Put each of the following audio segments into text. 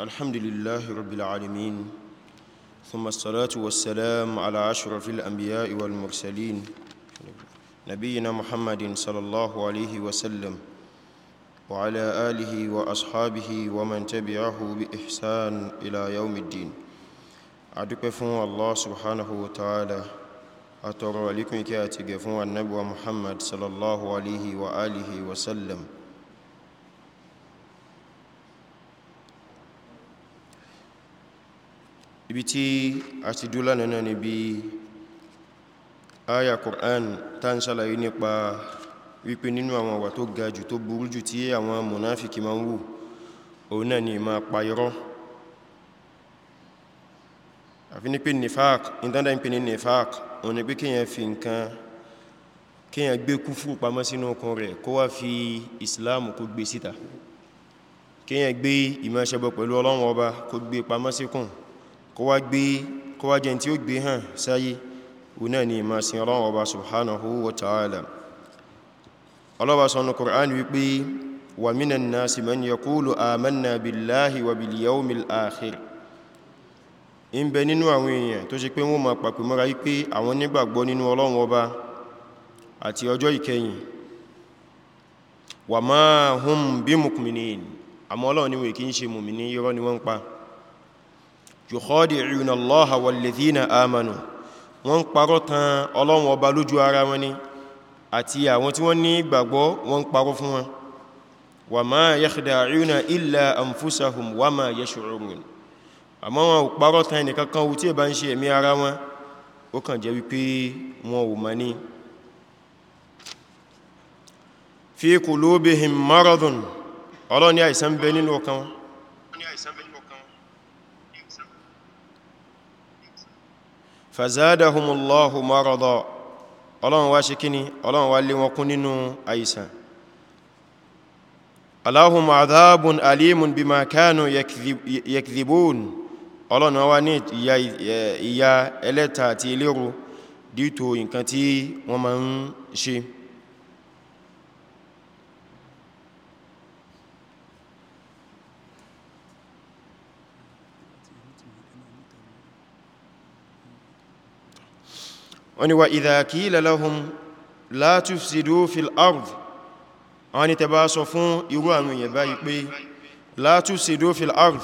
الحمد لله رب العالمين ثم الصلاة والسلام على أشرف الأنبياء والمرسلين نبينا محمد صلى الله عليه وسلم وعلى آله وأصحابه ومن تبعه بإحسان إلى يوم الدين أدوك فون الله سبحانه وتعالى أترى لكم كاتب فون محمد صلى الله عليه وآله وسلم ibi tí a ti dúlá nínú níbi aya Qur'an ta ń ṣàlàyé nípa wípé nínú àwọn àwà tó ga jù tó burú jù tí àwọn mùnáfikì ma ń wù òun náà ni ma pa irọ́ àfi ní pé nifaq ìdándà ń pè ní nifaq òun ni pé kíyàn fi nǹkan kíyàn gbé kúfúrù pamọ́ sínú ọkàn rẹ̀ kó wá fi Islam kó gbé síta kíyàn gbé ìmọ̀ ṣẹbọ pẹ̀lú Ọlọ́run ọba kó gbé pamọ́ síkùn kó wá gbé kó wá jẹ́ tí ó gbé hàn sáyé ọ̀nà ni ìmá sin ọlọ́run ọba subhanahu wa ta'ala ọlọ́ba sọ́nà kùránì wípé wa minan nasi man yaqulu amanna billahi wa bil yawmil akhir in bẹ nínú àti ọjọ́ ìkẹyìn wa ma hum bi mu'minin àmọ́ ni wọ́n kì í ṣe mùmìnì irọ́ ni wọ́n ń pa yukhadi'una Allaha walladhina amanu wọ́n parọ́ tàn Ọlọ́run Ọba lójú ara wọn ni àti àwọn tí wọ́n ní ìgbàgbọ́ wọ́n parọ́ fún wọn wa ma yakhda'una illa anfusahum wa ma yash'urun àmọ́ wọn ò wọn fàzádàhùmùlọ́hù mọ́rọ̀dọ̀ ọlọ́run wá ṣe kíni ọlọ́run wá lé wọn kún nínú àìsàn aláhùn àdábùn alímùn bí makánù yẹkìdìbòn ọlọ́run wá ní ìyà ẹlẹ́ta àti ilérò dìtò nǹkan tí wọ́n ma ń ṣe wọ́n ni wa idha qila lahum la tufsidu fil ard wọ́n ni tẹba sọ fún irú àwọn èèyàn báyìí pé la tufsidu fil ard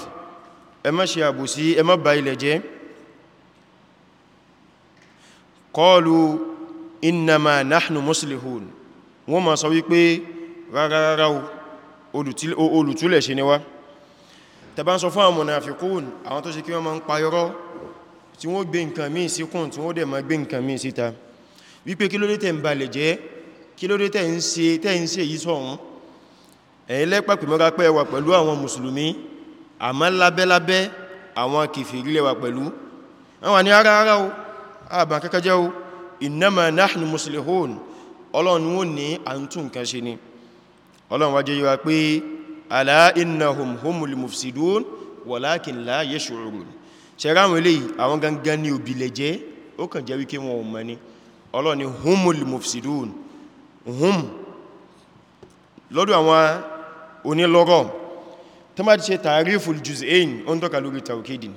ẹ má ṣe àbòsí ẹ má bà ilẹ̀ jẹ́ qalu innama nahnu muslihun wọ́n ma sọ wípé rárárá olùtúlẹ̀ ṣe ni tẹba sọ fún àwọn munafiqun àwọn tó ṣe kí wọ́n ma ń payọ́rọ́ tí wọ́n gbé nǹkan míì síkùn tí wọ́n dẹ̀ ma gbé nǹkan míì síta wípé kí ló dé tẹ̀ ń balẹ̀ jẹ́ kí ló dé tẹ̀ ń ṣe tẹ̀ ń ṣe yìí sọ̀hún ẹ̀yin lẹ́pàpì mọ́ra pẹ́ wà pẹ̀lú àwọn mùsùlùmí àmọ́ lábẹ́lábẹ́ àwọn kìfìrí lẹ́wà pẹ̀lú àwọn ni ara ara ṣẹ̀ráwọn ilé àwọn gangan ní òbílẹ̀ jẹ́ ó kàn jẹ́ wíké wọn mọ̀ ní ọlọ́ni humul mufsidun hum lọ́dọ̀ àwọn onílọ́rọ̀ tó má ti ṣe tàrífù juz'ain ó ń tọ́ka lórí tawkidin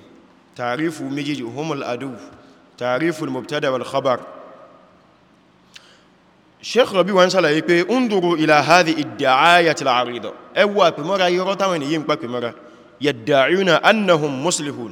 tàrífù méjèèjì humul adu tàrífù mubtada wal khabar sheikh rabi wọn ṣàlàyé pé yadda'una annahum muslihun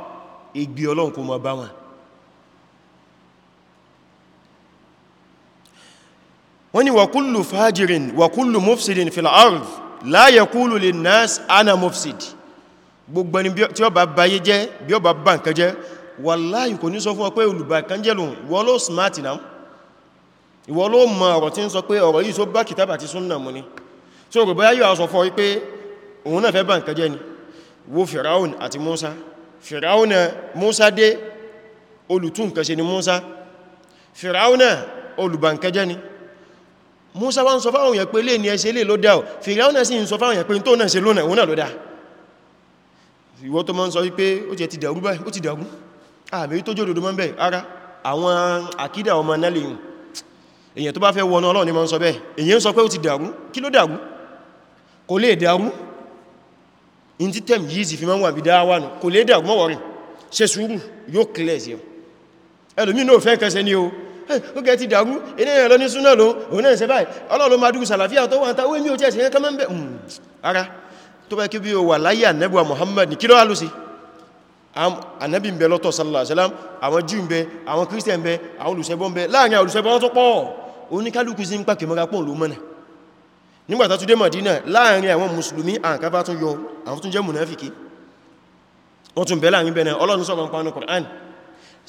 igbe ọlọ́run kó má bá wọn wọ́n ni wàkúlù fàájìrìn wàkúlù mufsidin fil ard la yaqulu lin nas ana mufsid gbogbo ni tí ó bá báyé jẹ́ bí ó bá bá nǹkan jẹ́ wallahi kò ní sọ fún ọ pé olùbàkánjẹ́lù wọ́n ló smart náà ìwọ ló mọ ọ̀rọ̀ tí fìráúnà Musa dé olùtún nǹkan ṣe ni Musa fìráúnà olùbànkẹjẹ́ ni Musa wá ń sọ fáwọn èèyàn pé lè ní ẹsẹ lè ló dá ò fìráúnà sì ń sọ fáwọn èèyàn pé tó náà ṣe lónà òun náà ló ti dàrú báyìí ó ti dàrú àmì tó jòdòdó ara àwọn àkídà ọmọ náà lè yùn èèyàn tó bá fẹ́ ni mọ́ ń sọ bẹ́ẹ̀ èèyàn ń sọ kò lè dàrú in ti tẹ́m yìí sì fi mọ́ wà bí dáwà nù kò lè dàgbọ́ wọ́rin ṣe sùúrù yóò kílẹ̀ sí ẹlòmí náà fẹ́ kẹsẹ ní o ó kẹ́ ti dàrú eléyàn lọ ní súnà ló òun náà ṣe báyìí ọlọ́run máa dúró sàlàfíà tó wà ń ta ó èmi ò tẹ́ẹ̀sì yẹn kọ́mọ́ ń ara tó bá kí bí o wà láyé ànẹ́bùwà Muhammad ní kí ló wà ló sí ànẹ́bì ń bẹ lọ́tọ̀ sallallahu alaihi wasallam àwọn Júù be, bẹ àwọn Kírísítẹ̀ ń bẹ àwọn olùṣẹbọ ń bẹ láàrin olùṣẹbọ tó pọ̀ oníkálukú sí ń pàkèmọ́ra nígbàtà tún dé Madina láàrin àwọn musulmi àǹkàbá tún yọ àwọn tún jẹ́ munafiki wọ́n tún bẹ̀lá àrin bẹ̀rẹ̀ Ọlọ́run sọ́gbọ̀n pánú Qur'an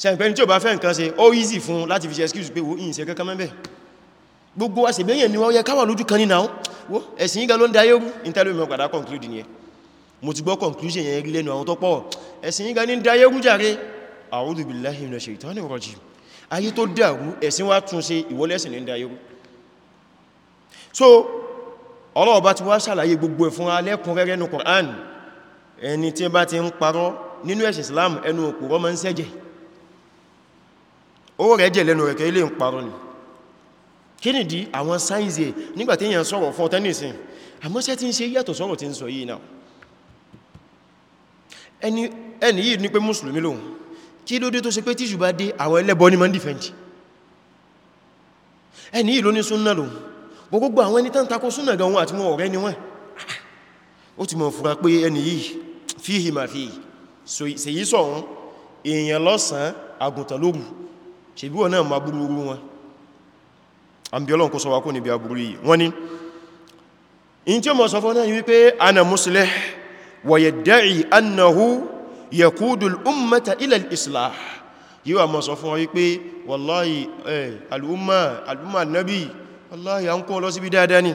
ṣe ń pẹ́ni tí ó bá fẹ́ nǹkan ṣe ó easy fún láti fi ṣe excuse pé wo ìyìn ṣe kankan mẹ́bẹ̀ gbogbo àṣẹ̀bẹ̀yẹ̀ ni wọ́n wo ẹ̀sìn yíga ló ń dayé rú intelligent padà conclude ni ẹ mo ti gbọ́ conclusion yẹn rí lẹ́nu àwọn tó pọ̀ ẹ̀sìn yíga ní dayé rú jàre a'udhu so ọlọ́ọ̀bá ti wá ṣàlàyé gbogbo ẹ̀ fún alẹ́kùn rẹ́rẹ́ nínú Qur'an ẹni tí bá ti ń parọ́ nínú ẹ̀sìn Islam ẹnu òpùrọ́ ma ń sẹ́jẹ̀ ó rẹ̀ jẹ̀ lẹ́nu rẹ̀kẹ́ ilé ń parọ́ ni kí ni dí àwọn sáìzì ẹ̀ nígbàtí èyàn sọ̀rọ̀ fún tẹ́nìsìn àmọ́sẹ́ tí ń ṣe yàtọ̀ sọ̀rọ̀ tí ń sọ yìí náà ẹni yìí ní pé ẹni yìí ló ní súnnà lòun gbogbo àwọn ẹni tán takó súnà gan wọn àti wọn ọ̀rẹ́ ni wọ́n ó ti mọ̀ fura pé ẹni yìí fíhì ma fíhì sèyí sọ̀hún èèyàn lọ́sàn àgùntàn lóru ṣèbí wọn náà ma búrúurú wọn wallahi eh, al-umma al nabi wallahi an kó lọ síbi dáadáa ni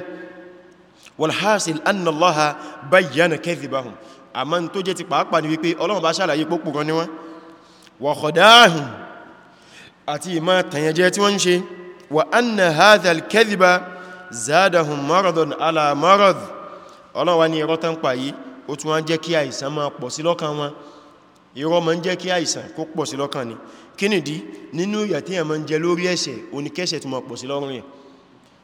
walhasil anna allaha bayyana kadhibahum a ma n tó jẹ́ ti pàápàá ni wípé ọlọ́run bá ṣàlàyé pópò gan ni wọ́n wa khada'ahum àti ìmá tàyẹjẹ tí wọ́n ń ṣe wa anna hadha al-kadhiba zadahum maradun ala marad ọlọ́run wá ní kí nìdí nínú ìyà tí èèyàn ń jẹ lórí ẹ̀ṣẹ̀ oníkẹ́ṣẹ̀ tó máa pọ̀ sí lọ́rùn yẹn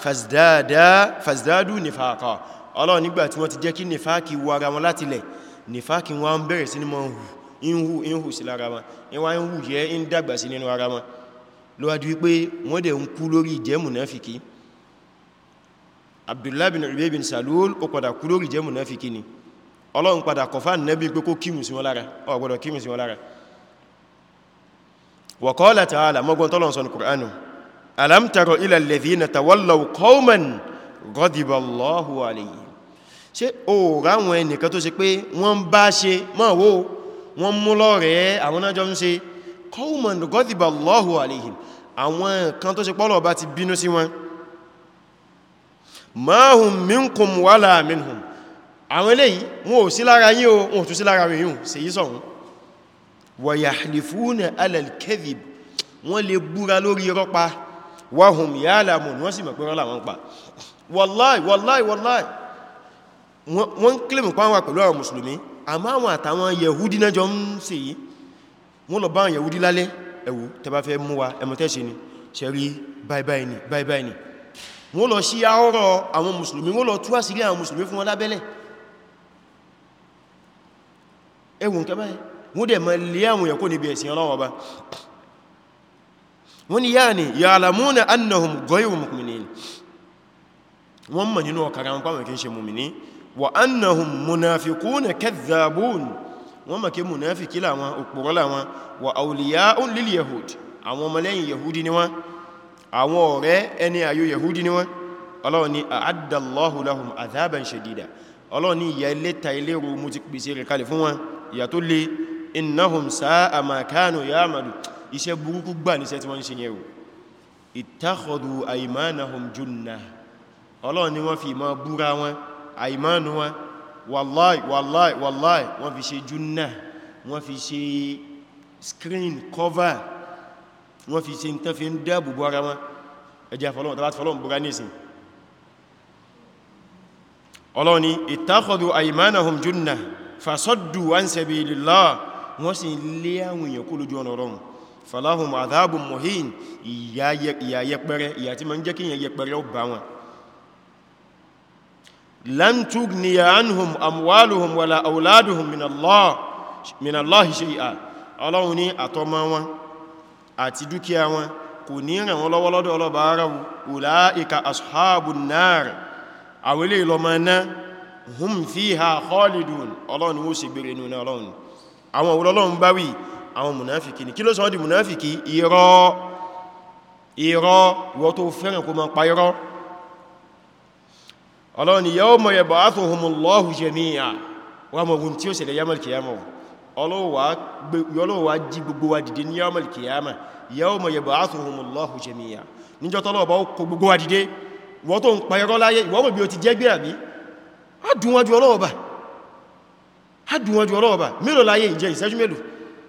fàzdádù nífàkà ọlọ́run nígbà tí wọ́n ti jẹ́ kí nífàkì wọ ara wọn láti lẹ̀ nífàkì wọn ń bẹ̀rẹ̀ sí ní mọ́ hù inhu inhu sí lára wọn ìwà inhu yẹ in dàgbà sí nínú ara wọn ló wájú wípé wọ́n dẹ̀ ń kú lórí ìjẹ́ Abdullah bin Ubay bin Salul ó padà kú lórí ni ọlọ́run padà kọfà nẹ́bí pé kó kímù sí wọn lára ó gbọ́dọ̀ kímù sí alam tara ila alladhina tawallaw qauman ghadiba Allahu alayhim ṣé o ra wọn ẹnìkan tó ṣe pé wọ́n bá ṣe mo wo wọ́n mú lọ́rẹ̀ẹ́ àwọn náà jọ ń ṣe qauman ghadiba Allahu alayhim àwọn kan tó ṣe pé Ọlọ́run bá ti bínú sí wọn ma hum minkum wala minhum àwọn eléyìí wọn ò sí lára yín o tún sí lára yín ṣe yí sọ̀hún wa yahlifuna ala al-kadhib wọ́n lè búra lórí irọ́ wahum ya'lamun wọ́n sì mọ̀ pé wọ́n làwọn pa wallahi wallahi wallahi wọ́n kílèmù pàwà pẹ̀lú àwọn mùsùlùmí àmọ́ àwọn àtàwọn yẹ̀húdí náà jọ ń ṣe yìí wọ́n lọ bá àwọn yẹ̀húdí lálẹ́ ẹ̀wù tẹbá fẹ́ mú wa ẹmọ̀tẹ́ṣe ni ṣẹ̀rí báibáì ni báibáì ni wọ́n lọ sí ahọ́rọ̀ àwọn mùsùlùmí wọ́n lọ tú àṣírí wọ́n ni yáà ni ya'lamuna annahum ghayru mu'minin wọ́n mọ̀ nínú ọkàrà wọn pàwọn kí ń ṣe mu'mini wa annahum munafiquna kadhdhabun wọ́n mọ̀ kí munafiki láwọn òpòrọ́ láwọn wa awliya'un lil yahud àwọn ọmọlẹ́yìn yahudi ni wọ́n àwọn ọ̀rẹ́ ẹni àyò yahudi ni wọ́n ọlọ́run ni a'addallahu iṣẹ́ burúkú gbà níṣẹ́ tí wọ́n ń ṣe yẹn o ittakhadhu aymanahum junnah ọlọ́run ni wọ́n fi mọ́ búra wọn àìmánu wọn wallahi wallahi wallahi wọ́n fi ṣe junnah wọ́n fi ṣe screen cover wọ́n fi ṣe tán fi ń dáàbò bọ́ ara wọn ẹjẹ́ fọ́lọ́run tàbí fọ́lọ́run búra nísìn ọlọ́run ni ittakhadhu falahum adhabun muhin ìyà yẹpẹrẹ ìyà tí ma ń jẹ́ kí yẹn yẹpẹrẹ ó bá wọn lan tughniya anhum amwaluhum wala auladuhum min Allahi shay'a ọlọ́run ní àtọmọ wọn àti dúkìá wọn kò ní ràn wọ́n lọ́wọ́ lọ́dọ̀ ọlọ́bà ara ulaika ashabun nar àwílé ìlọ́mọ náà hum fiha khalidun ọlọ́run ó sì gbèrè nínú ọlọ́run àwọn òwúrọ̀lọ́run báwìí àwọn munafiki ni kí ló sọ di munafiki irọ́ irọ́ ìwọ tó fẹ́ràn kó máa pa irọ́ Ọlọ́run ni yawma yab'athuhumullahu jami'a wà mọ̀ ogun tí ó ṣẹlẹ̀ yamal kiyama Ọlọ́run ní yamal kiyama yawma yab'athuhumullahu jami'a níjọ́ tọ́lọ́wọ́ bá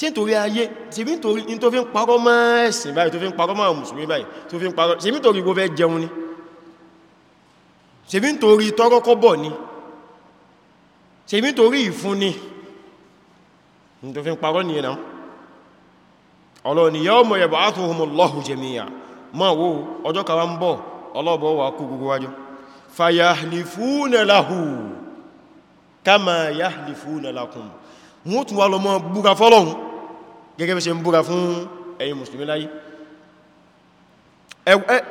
ṣe nítorí ayé ṣe bí nítorí tó fi ń parọ́ mọ́ ẹ̀sìn báyìí tó fi ń parọ́ mọ́ mùsùlùmí báyìí tó fi ń parọ́ ṣe bí nítorí gbogbo ẹjẹun ni ṣe bí nítorí tọ́rọ́kọ́bọ̀ ni ṣe bí ìfún ni tó fi ń parọ́ nìyẹn náà ọlọ́ni yawma yab'athuhumullahu jami'a ma wo wọ́n tún wà lọ mọ́ búra fọ́lọ́hun gẹ́gẹ́ bí ṣe ń búra fún ẹ̀yin mùsùlùmí láyé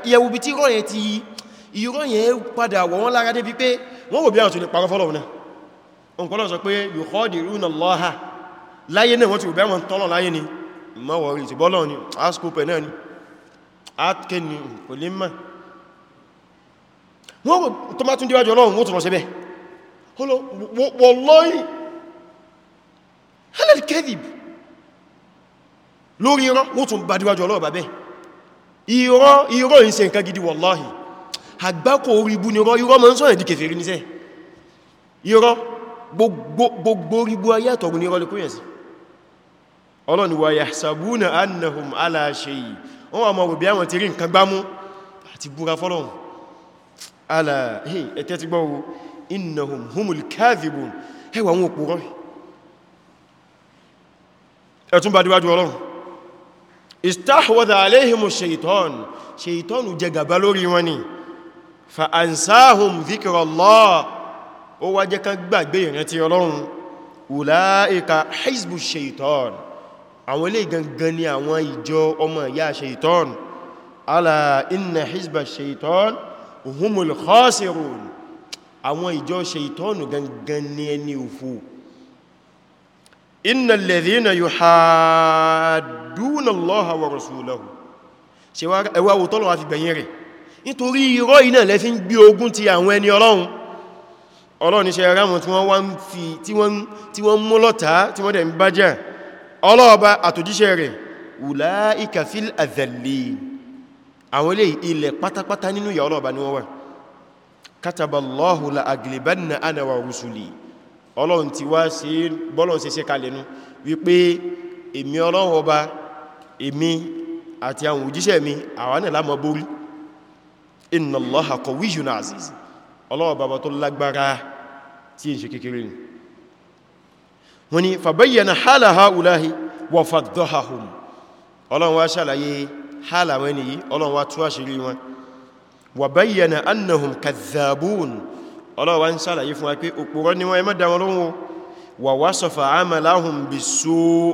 ìyẹ̀wùbí tí rọ́yẹ̀ ti ìrọ́yẹ̀ padà wọ̀ wọ́n lára débi pé wọ́n wò bí àwọn tó lè parọ́ fọ́lọ̀ náà òǹkọ́lọ̀ sọ pé yukhadiruna Allaha láyé náà wọ́n ti rùbẹ́ wọn tọ́lọ̀ láyé ni mọ́wọ̀rí ti lórí irọ́ wọ́n tún bá díwájú ọlọ́rọ̀ bàbẹ́ irọ́ irọ́ yìí ṣe nǹkan gidi wọ́láhì àgbákò oríbú ni irọ́ irọ́ ma ń sọ́yẹ̀ di kèfèrí níṣẹ́ irọ́ gbogbo oríbú ayé àtọ̀gùn irọ́ lẹ́kúnyẹ̀sí ọlọ́ni wa yahsabuna annahum ala shay wọ́n wà mọ̀ rò bí àwọn ti rí nǹkan gbámú àti búra fọ́lọ́hun ala hey ẹ̀tẹ́ ẹ̀tún bá díwájú ọlọ́run istahwadha alayhim ṣeitọ́n ṣeitọ́n jẹ gàba lórí wọn ni fa ansahum dhikrallah ó wá jẹ́ ká gbàgbé ìrántí ọlọ́run ulaika hizbu ṣeitọ́n àwọn ilé gangan ni àwọn ìjọ ọmọ ìyá ṣeitọ́n ala inna hizba ṣeitọ́n humul khasirun àwọn ìjọ ṣeitọ́n gangan ni ẹni òfò inna alladhina yuhadduna allaha wa rasulahu ṣe wá ẹwà wò tọ́lọ̀ àti gbẹ̀yìn rẹ̀ nítorí irọ́ iná lẹ́ fi ń gbé ogun ti àwọn ẹni ọlọ́run ọlọ́run ní ṣe ara wọn tí wọ́n wá ń fi tí wọ́n mú lọ́ta tí wọ́n dẹ̀ ń bájá ọlọ́ọba àtòjíṣẹ́ rẹ̀ ulaika fil ọlọ́run ti wá sí bọ́lọ̀n sí sí kalẹ̀nu wípé èmi ọlọ́run ọba èmi àti àwọn òjíṣẹ́ mi àwọn náà lámọ̀ borí inna Allaha qawiyyun aziz ọlọ́run ọba tó lágbára tí ń ṣe kékeré ni wọ́n ni fabayyana hala haulahi wa faddahahum ọlọ́run ọlọ́wà ń sàlàyé fún wa pé òpòrọ́ ni wọ́n ẹ má dá wọn lóhùn wà wá sọ̀fà amalahum bis-sū'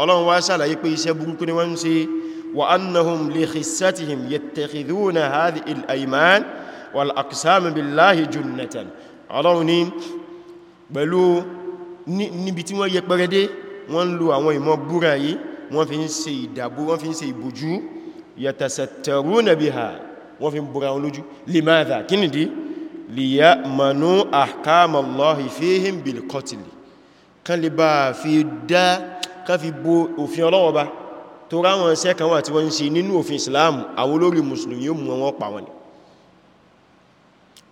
ọlọ́run wá sàlàyé pé iṣẹ́ burúkú ni wọ́n ń ṣe wa annahum li khissatihim yattakhidhuna hadhihi al-ayman wọ́n fi ń ṣe ìdàbò wọ́n fi ń ṣe kí nìdí liya'manu ahkamallahi fihim bilqatl kan lè bá fi dá kan fi bo òfin Ọlọ́run ba tó ráwọn iṣẹ́ kan wà tí wọ́n ń ṣe nínú òfin Islam àwọn olórí mùsùlùmí yóò mú wọn pa wọn ni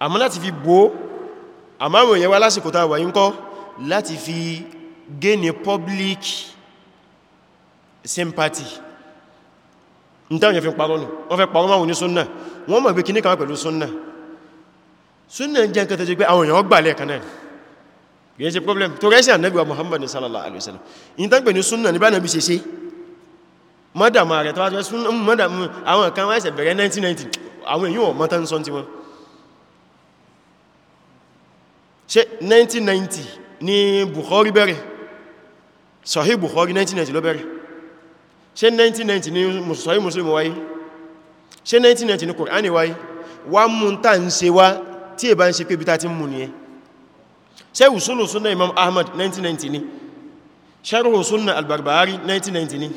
àmọ́ láti fi bo àmáwọn èèyàn wá lásìkò tàwà yí ń kọ́ láti fi gain public sympathy ní táwọn yẹn fi parọ́ nù wọ́n fẹ́ parọ́ máwọn oní súnnà wọ́n mọ̀ pé kìníkà pẹ̀lú súnnà súnnà jẹ́ nǹkan tó jẹ́ pé àwọn èèyàn gbà lẹ́ẹ̀kan náà yẹ́ ṣe problem tó rẹ́ṣẹ́ ànẹ́gbà Muhammad sallallahu alaihi wasallam in tán pè ní súnnà níbà náà bí ṣe ṣe mọ́dàmà rẹ̀ tó wáṣẹ́ mọ́dàmà àwọn kan wáṣẹ̀ bẹ̀rẹ̀ 1990 àwọn ni Bukhari bẹ̀rẹ̀ Sahih Bukhari 1990 ló bẹ̀rẹ̀ ṣe 1990 ni Sahih Muslim wáyé ṣe 1990 ni Kùránì wáyé wá mú tí è bá ń ṣe pé bíta ti mú ní ẹ ṣẹ́hù súnù súnà imam ahmad 1990 ni ṣẹ́rù súnà albarbari 1990 ni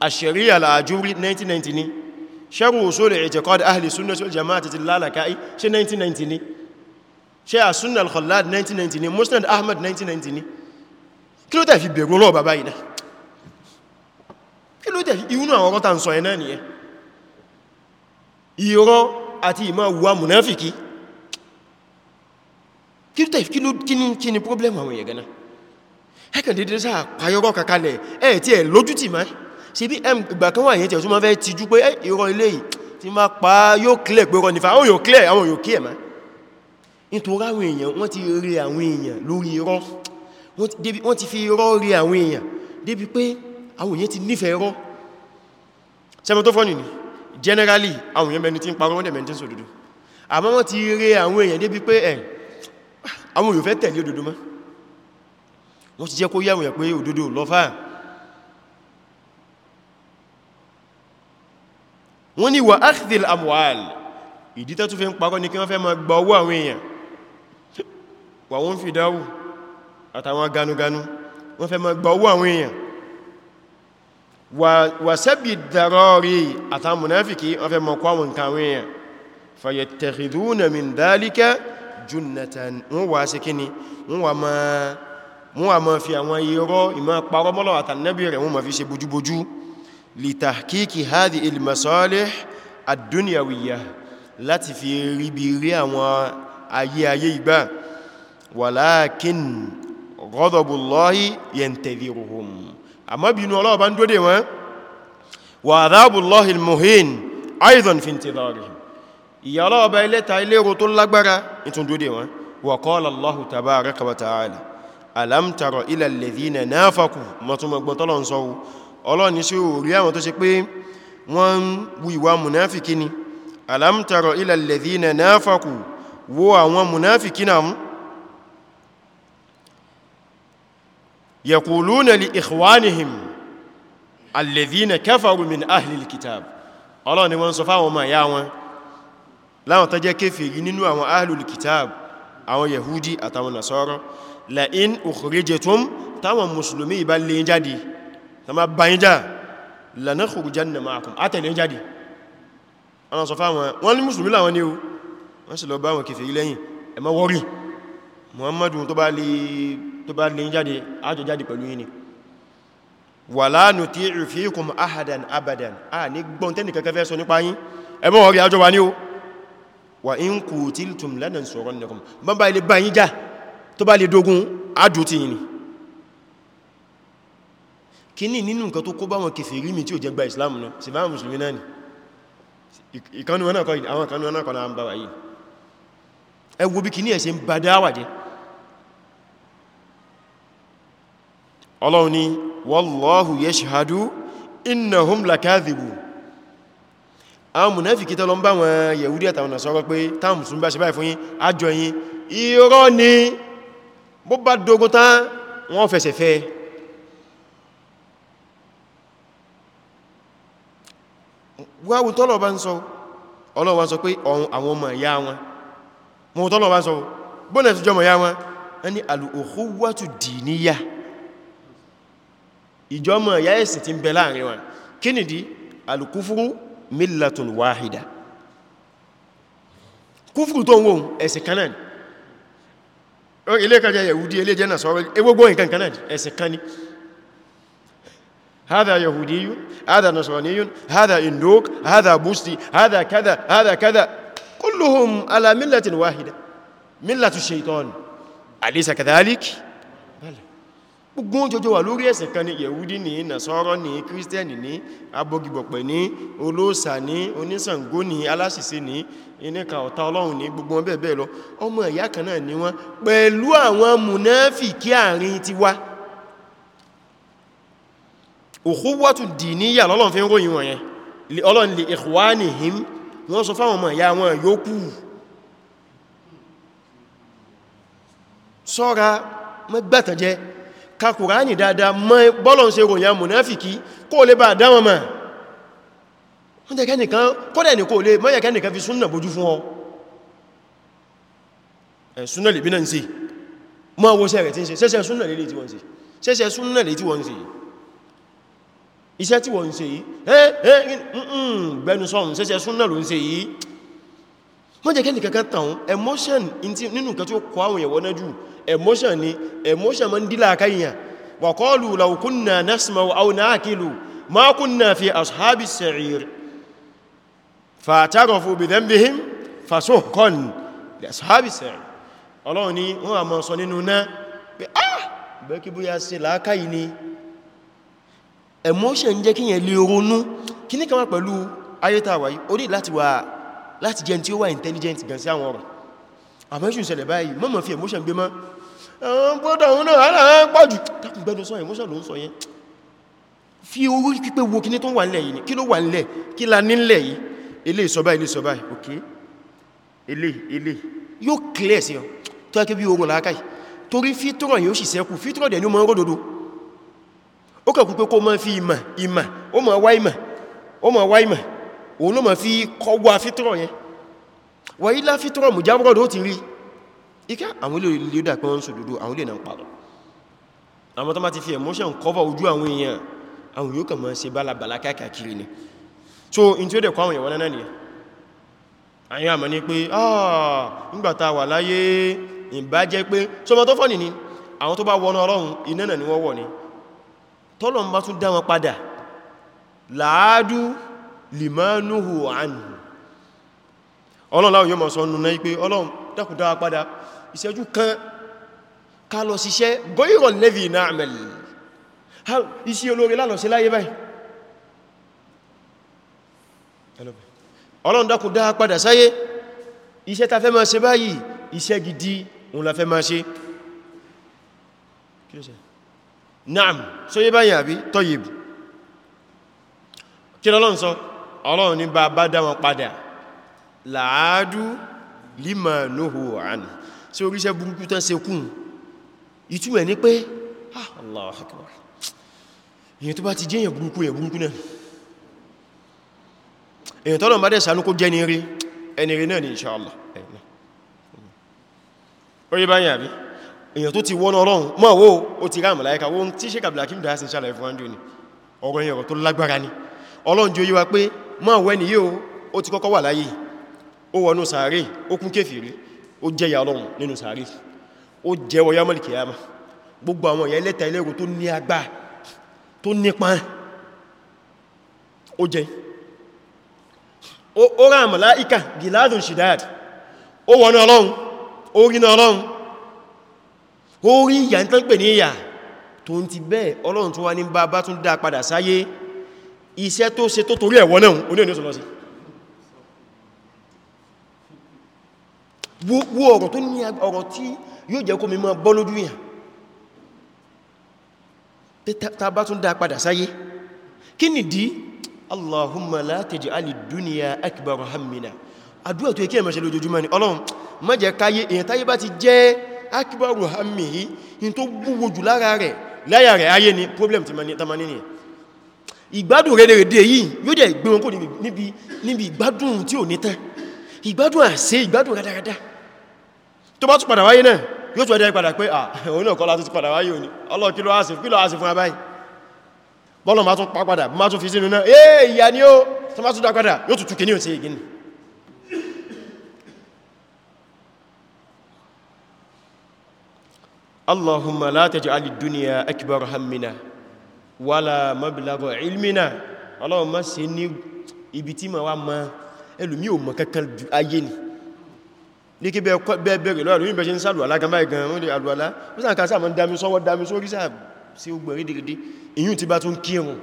àṣẹ̀rí alàjúrí 1990 ni ṣẹ́rù súnà ìjẹ̀kọ́dá ahìlì súnà sí jama'a ti lálàkáì ṣe 1990 ni ṣe à súnà 1990 ni musnad ahmad 1990 ni kí ló tẹ̀fi bẹ̀rù lọ bàbá ìdá kí ló tẹ̀fi irú àwọn ọ̀rọ̀ ta ń sọ ẹ̀ náà ìrọ́ àti ìmọ̀ wà mùnáfìkì kí ló tàìf kí ló kí ni problem àwọn èèyàn gana ẹkàn dédé sáà payọ́rọ̀ kakalẹ̀ ẹ̀ tí ẹ̀ lójú tì máa ṣe bí ẹm ìgbà kan wà yẹn tí ọ̀tún máa fẹ́ ti jú pé ẹ̀ ìrọ̀ ilé yìí tí máa pa yóò clear pé rọ nífà àwọn yóò clear àwọn yóò kí ẹ̀ má nítorí àwọn èèyàn wọ́n ti rí àwọn èèyàn lórí irọ́ wọ́n ti fi irọ́ rí àwọn èèyàn débi pé àwọn èèyàn ti nífẹ̀ẹ́ generally àwọn èèyàn mẹni tí ń parọ́ wọ́n dẹ̀ mẹni tí ń sòdodo àmọ́ wọ́n ti rí àwọn ẹ̀ àwọn yóò fẹ́ tẹ̀lé òdodo mọ́ wọ́n ti jẹ́ kó yàwó yẹ̀ pé òdodo lọ́fà wọ́n ni wà akhdhil amwal ìdí tó fi ń parọ́ ní kí wọ́n fẹ́ ma gba owó àwọn èèyàn wà wọ́n fi dáwò àtàwọn ganuganu wọ́n fẹ́ ma gba owó àwọn èèyàn wà sẹ́bì darọ́rí àtàwọn wọ́n fẹ́ ma kọ́ àwọn nǹkan àwọn èèyàn fayattakhidhuna min junnatan wọ́n wà sí kíni wọ́n wà máa fi àwọn irọ́ ìmọ̀ parọ́ mọ́lọ̀ àtànẹ́bì rẹ̀ wọ́n máa fi ṣe bójúbójú li tahqiqi hadhihi al-masalih ad-dunyawiyah láti fi ríbi rí àwọn ayé ayé ìgbà walakin ghadabullahi yantadhiruhum àmọ́ ìyà ọlọ́ọ̀bá ilẹ́ta ilérò tó lágbára ìtúndúdé wọn wa qala Allahu tabaraka wa ta'ala alam tara ila alladhina nafaqu mọ́túnmọ̀gbọ́n tọ́lọ̀ ń sọ́wọ́ ọlọ́ni sí orí àwọn tó ṣe pé wọ́n wù ìwà munafiki ni alam tara ila alladhina nafaqu wo àwọn munafiki náà ọlọ́ni wọ́n sọ fáwọn ọmọ ìyá wọn láwọn tó jẹ́ kéfèrí nínú àwọn ahlul kitab àwọn yahudi àtàwọn nasọ́rọ̀ la'in ukhrijtum táwọn musulmi bá lè jáde ta ma bá yín já lanakhrujanna ma'akum a tẹ̀lé jáde àwọn sọ fáwọn wọ́n ní musulmi láwọn ní o wọ́n sì lọ bá wọn kéfèrí lẹ́yìn ẹ má wọ́rí muhammadu tó bá lè jáde ájọ jáde pẹ̀lú yín ahadan abadan a ní gbọ́n tẹ́nì kẹkẹfẹ́ sọ nípa yín ẹ má wọ́rí ájọ wa ní o wà in qutiltum lanansurannakum bọ́n bá ilé báyí já tó bá lè dógún ájú ti yìí kí ní nínú nǹkan tó kó bá wọn kèfèrí mi tí ó jẹ gba islam náà sì bá mùsùlùmí náà ni ìkanu wọn náà ń bá wáyé ẹ bí kí ní ẹ̀ṣẹ́ ń bá dáwà jẹ́ ọlọ́run ni wallahu yashhadu innahum lakadhibun àwọn mùnáfìkì tó lọ ń bá wọn yẹ̀wúdí àtàwọn nàṣọ́rọ̀ pé táwọn mùsùlùmí bá ṣe báyìí fún yín àjọ yín irọ́ ni bó bá dogun tán wọ́n fẹsẹ̀ fẹ́ wáwù tọ́lọ̀ bá ń sọ ọlọ́wà sọ pé àwọn ọmọ ìyá wọn mọ̀ tọ́lọ̀ millatun wahida kúfùrù tó ń wọ́n ẹ̀sìn kan náà ni ilé kan jẹ́ yahudi ilé jẹ́ nasọ́rọ̀ ewogbó nǹkan kan náà ẹ̀sìn kan ni هذا يهودي هذا نصراني هذا اندوك هذا بوستي هذا كذا هذا كذا كلهم على ملة واحدة ملة الشيطان أليس كذلك؟ gbogbo jọjọ wà lórí ẹ̀sìn kan ní yẹ̀wúdí ní nàṣọ́rọ́ ní kírísítẹ́nì ní abogibọ̀pẹ̀ ní olóòsà ní oníṣàngó ní aláṣìṣe ní iníkà ọ̀tá ọlọ́run ní gbogbo wọn bẹ́ẹ̀ bẹ́ẹ̀ lọ ọmọ ìyá kan náà ni wọ́n pẹ̀lú àwọn mùnáfìkí àárín tiwa ukhuwatu diniya lọ́lọ́n ikhwanihim wọ́n sọ fáwọn ọmọ ìyá wọn yókù ka kùránì dáadáa mọ́ bọ́lọ̀n ṣe ròyìn mùnáfìkì kó lè bá dáwọn mọ̀ wọ́n jẹ́ kẹ́nìkan kọ́dẹ̀ ní kó lè mọ́ yẹ kẹ́nìkan fi súnnà bójú fún ọ ẹ̀ súnnà lè bí náà ń ṣe mọ́ owó sẹ́rẹ̀ tí ń ṣe sẹ́sẹ́ súnnà lè tí wọ́n ṣe sẹ́sẹ́ súnnà yìí mọ́ jẹ́ kẹ́ni kankan tàn emotion nínú nǹkan tí ó kọ àwọn èèyàn wọ́ná jù emotion ni emotion ma ń dílà káyìyàn wa qalu law kunna nasma'u aw na'qilu ma kunna fi ashabi sa'ir fa'tarafu bi dhanbihim fasuhqan li ashabi sa'ir ọlọ́run ni wọ́n a mọ́ sọ nínú náà pé ah, láti jẹ́ tí ó wà intelligent gan sí àwọn ọ̀rọ̀ àmọ́ṣùn ìṣẹ̀lẹ̀ báyìí mọ́mọ̀ fi emotion gbé mọ́ bọ́dọ̀ òun náà aláwọ̀ pọ̀jù takùn gbẹ́nu sọ emotion ló ń sọ yẹn fi owó pípẹ́ wo kíní tó wà nílẹ̀ yìí kí ló wà nílẹ̀ kí la nílẹ̀ yìí ilé ìsọba clear sí ọ tó yẹ kí bí ogun làákàì torí fítọ́rọ̀ yóò sì sẹ́kù fítọ́rọ̀ fi ìmọ̀ ìmọ̀ ó mọ̀ wá ìmọ̀ ó mọ̀ òun ló mọ̀ fi kọwa fítọ́rọ̀ yẹn wà ilá fítọ́rọ̀ mù jábọ́rọ̀dọ̀ ó ti rí ikẹ́ àwọn ilé ìlédà pé wọ́n ń sòdòdó àwọn ilé náà pàdọ̀ àwọn tó má ti fi emotion cover ojú àwọn èèyàn àwọn yóò kàn mọ́ ṣe bálabàlá káàkiri ni so in tí ó dẹ̀ kọ́ àwọn èèyàn náà ah nígbàtà wà láyé ìbá jẹ́ pé ni àwọn tó bá wọnà ọlọ́run iná náà ni wọ́n wọ̀ ni tọ́lọ̀ láàádú limanuhu anhu ọlọ́run láwọn yóò mọ̀ sọ nùnà ipé ọlọ́run dákùdá padà ìṣẹ́jú kan ká lọ síṣẹ́ gọ́yìnrọ̀ lẹ́bí náà àmẹ́lì iṣẹ́ olóre lálọ sí láyé báyìí ọlọ́run dákùdá padà sáyé iṣẹ́ ta fẹ́ máa ṣe báyìí iṣẹ́ gidi òun la fẹ́ máa ṣe kí lọ́lọ́run sọ ọlọ́run ní bá bá dá wọn padà làádú lima nóhù àánì sí oríṣẹ́ burúkú tán se kún ìtú ẹ̀ ní pé ah, Allahu Akbar èyàn tó bá ti jẹ́yàn burúkú yẹ burúkú náà èyàn tọ́lọ̀ bá dẹ̀ sánú kó jẹ́ ní rí ẹni rí náà ní inshallah orí wọ́n ọlọ́run mọ́ wo ó ti rá màláíkà wọ́n tí ṣe kàbìlà kí ń dá sí inshallah ẹ̀fún ọ̀rọ̀ ẹ̀yàn tó lágbára ni ọlọ́run jẹ́ yíwa pé mọ́ wẹ́ni yíò ó ti kọ́kọ́ wà láyé ó wọnú sàárè ó kún kéfèrí ó jẹ́yà ọlọ́run nínú sàárè ó jẹ́wọ yámọ́lì kìyàmá gbogbo àwọn ìyẹn lẹ́ta ilẹ́rù tó ní agbá tó nípa ó jẹ́ ó rá màláíkà gìláàdùn shidad ó wọnú ọlọ́run ó rí ìyà iṣẹ́ tó ṣe tó torí ẹ̀wọ̀ náà oní òní ọ̀sọ̀lọ́sí wo ọ̀rọ̀ tó ní ọ̀rọ̀ tí yóò jẹ́ kó mi máa bọ́ lójú yàn ta bá tún dá padà sáyé kí ni dí allahumma la taj'al ad-dunya akbar hammina àdúrà tó yẹ kí ẹ máa ṣe lójoojúmọ́ ni ọlọ́run má jẹ́ káyé èyàn táyé bá ti jẹ́ akbar hammihi in tó gbúwo jù lára rẹ̀ láyà rẹ̀ ayé ni problem ti ma ní nìyàn ìgbádùn rẹ̀dẹ̀rẹ̀dẹ̀ yìí yóò jẹ́ ìgbé wọn kò níbi ìgbádùn tí ò ní tán ìgbádùn àṣẹ ìgbádùn rádáradá tó bá tún padà wáyé náà yóò tún ẹ̀dẹ́ padà pé àwọn náà kọ́lá padà wáyé wala mablago ilmina Ọlọ́run má ṣe ní ibi tí ma wá ma ẹlòmí ò mọ̀ kankan ju ayé ni ní kí bẹ́ẹ̀bẹ̀rẹ̀ lọ́wọ́ lórí ìbẹ̀ṣẹ́ ń sàlù alágambá ìgan orí àlùwàlá ó sàn kásà mọ́ dámi sọ́wọ́ dámi sórí sáà sí ogbọ̀n rídìrídì ìyún ti bá tún kírun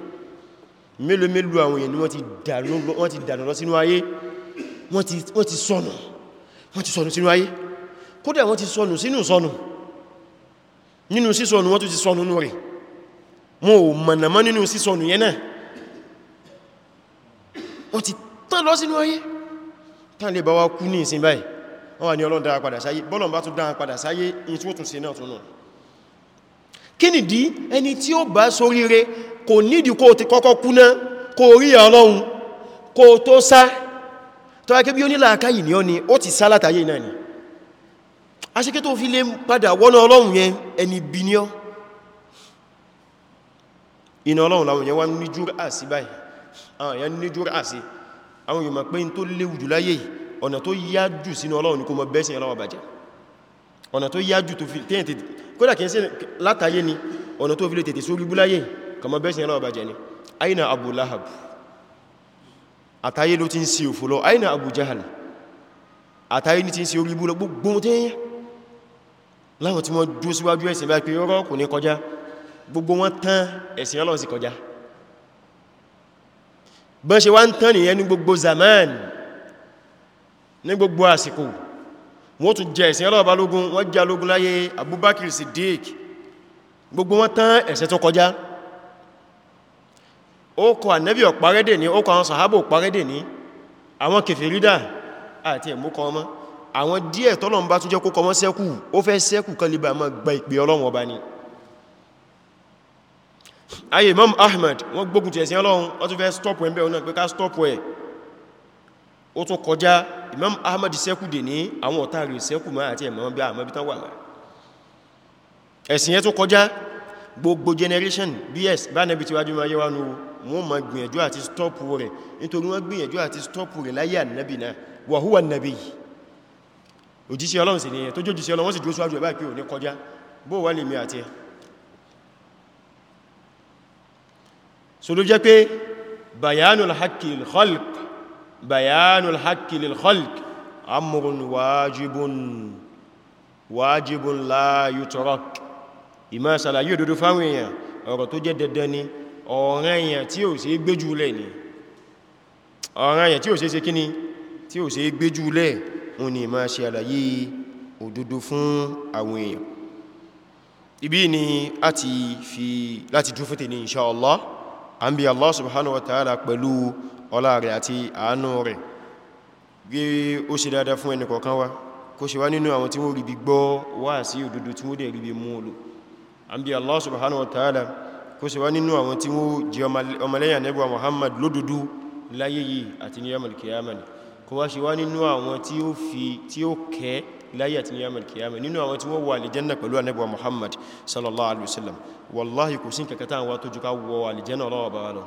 mélòó mélòó àwọn èèyàn ni wọ́n ti dànù lọ sínú ayé wọ́n ti sọnù wọ́n ti sọnù sínú ayé kódà wọ́n ti sọnù sínú sọnù nínú sísọnù wọ́n tún ti sọnù nú rẹ̀ wọn ò mọ̀nàmọ́ nínú sísọnù yẹn náà wọ́n ti tán lọ sínú ayé tán lè bá wá kú ní ìsin báyìí wọ́n wà ní Ọlọ́run dára padà sáyé bọ́lọ̀ bá tún dára padà sáyé in tí ó tún ṣe náà tún náà kí nìdí ẹni tí ó bá ṣoríire kò nídìí kó ti kọ́kọ́ kú kó rí Ọlọ́run kó tó sá tó wá ó nílà akáyì ní ọ́ni ó ti sá látàyé náà ni aṣíkẹ́ tó fi lè padà wọ́nà Ọlọ́run yẹn ẹni bí ní ọ́ iná ọlọ́run láwọn yẹn wá ní jùrà sí báyìí àwọn yẹn ní jùrà sí àwọn yìí mọ̀ pé tó léwu jù láyé ọ̀nà tó yá jù sínú ọlọ́run ní kó mọ bẹ́sìn ọlọ́wọ̀ bàjẹ́ ọ̀nà tó yá jù tó fi tẹ́yìn tètè kódà kìí sí látàyé ni ọ̀nà tó fi lè tètè sórí búláyé kọmọ bẹ́sìn ọlọ́wọ̀ bàjẹ́ ni aina Abu Lahab àtàyé ló ti ń sí òfò lọ aina Abu Jahal àtàyé ní ti ń sí orí búlọ gbogbo tẹ́yìn láwọn tí wọ́n dúó síwájú ẹ̀sìn bá pé ọ̀rọ̀ kò ní kọjá gbogbo wọn tán ẹ̀sìn Ọlọ́run sì kọjá bọ́n ṣe wá ń tán nìyẹn ní gbogbo zaman ní gbogbo àsìkò wọ́n tún jẹ ẹ̀sìn Ọlọ́run balógun wọ́n jẹ alógun láyé Abubakar Siddiq gbogbo wọn tán ẹ̀sẹ̀ tó kọjá ó kọ ànẹ́bí ọ̀párẹ́dẹ̀ ní ó kọ àwọn sàhábò ọ̀párẹ́dẹ̀ ní àwọn kèfèrídà àti ẹ̀múkọ ọmọ àwọn díẹ̀ tọ́lọ̀ ń bá tún jẹ́ kó kọmọ́ sẹ́kù ó fẹ́ sẹ́kù kan lè bá gba ìpè Ọlọ́run ọba ni ayé imam ahmed wọ́n gbógun ti ẹ̀sìn ọlọ́run wọ́n tún fẹ́ stop ẹ̀ bẹ́ẹ̀ náà pé ká stop ẹ̀ ó tún kọjá imam ahmed sẹ́kù dè ní àwọn ọ̀tá rẹ̀ sẹ́kù máa àti ẹ̀mọ́ bí àmọ́ bí tán wà máa ẹ̀sìn yẹn tún kọjá gbogbo generation bs bá nẹ́bi tí wájú máa yẹ wá nu wọ́n máa gbìyànjú àti stop rẹ̀ nítorí wọ́n gbìyànjú àti stop rẹ̀ láyé ànábì náà wà húwà nàbì òjíṣẹ́ ọlọ́run sì nìyẹn tó jójíṣẹ́ ọlọ́run wọ́n sì dúró síwájú ẹ̀ báyìí pé ò ní kọjá bóò wá lè mi àti ẹ̀ so ló jẹ́ pé bayanul haqqi lil khalq bayanul haqqi lil khalq amrun wajibun wajibun la yutrak ìmá ṣàlàyé òdodo fáwọn èèyàn ọ̀rọ̀ tó jẹ́ dandan ni ọ̀ranyàn tí ò ṣe gbéjú lẹ̀ ni kíni tí ò ṣe gbéjú lẹ̀ òun ni ìmá ṣe àlàyé òdodo fún àwọn èèyàn ibi ni a ti fi láti dúfẹ́tẹ̀ ní insha an bí Allah subhanahu wa ta'ala pẹ̀lú ọlá rẹ̀ àti àánú rẹ̀ gbé ó ṣe dáadáa fún ẹnìkọ̀ọ̀kan wa kó ṣe wá nínú àwọn tí wọ́n ríbi gbọ́ wá sí òdodo tí wọ́n dẹ̀ ríbi mú olù an bí Allah subhanahu wa ta'ala kó ṣe wá nínú àwọn tí wọ́n jẹ ọmọlẹ́yà nẹ́bọ̀ Muhammad lódodo láyé yìí àti ní kiyamani kó wá ṣe wá nínú àwọn tí ó kẹ́ láyé àti níyàmà kìyàmà nínú àwọn tí wọ́n wọ alìjẹ́nà pẹ̀lú anẹ́bọ̀ Muhammad sallallahu alaihi wasallam wallahi kò sí nǹkan tán wá tó jù ká wọ alìjẹ́nà Ọlọ́run Ọba lọ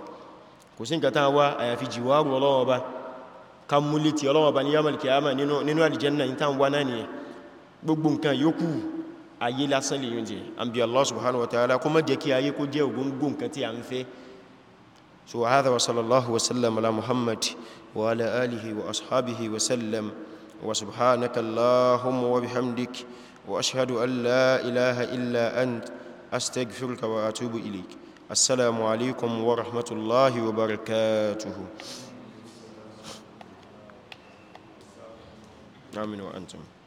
kò sí nǹkan tán wá àyàfi jìwárù Ọlọ́run Ọba ká múlé ti Ọlọ́run Ọba níyàmà kìyàmà nínú alìjẹ́nà ní tán wá náà nìyẹn gbogbo nǹkan yókù ayé lásán lè yóò jẹ àbí Allah subhanahu wa ta'ala kó má jẹ́ kí ayé kó jẹ́ ògóngó nǹkan tí a ń fẹ́ so wa hadha wa sallallahu wa ala Muhammad wa ala alihi wa ashabihi wa وسبحانك اللهم وبحمدك واشهد ان لا اله الا انت استغفرك واتوب اليك السلام عليكم ورحمه الله وبركاته امين وانتم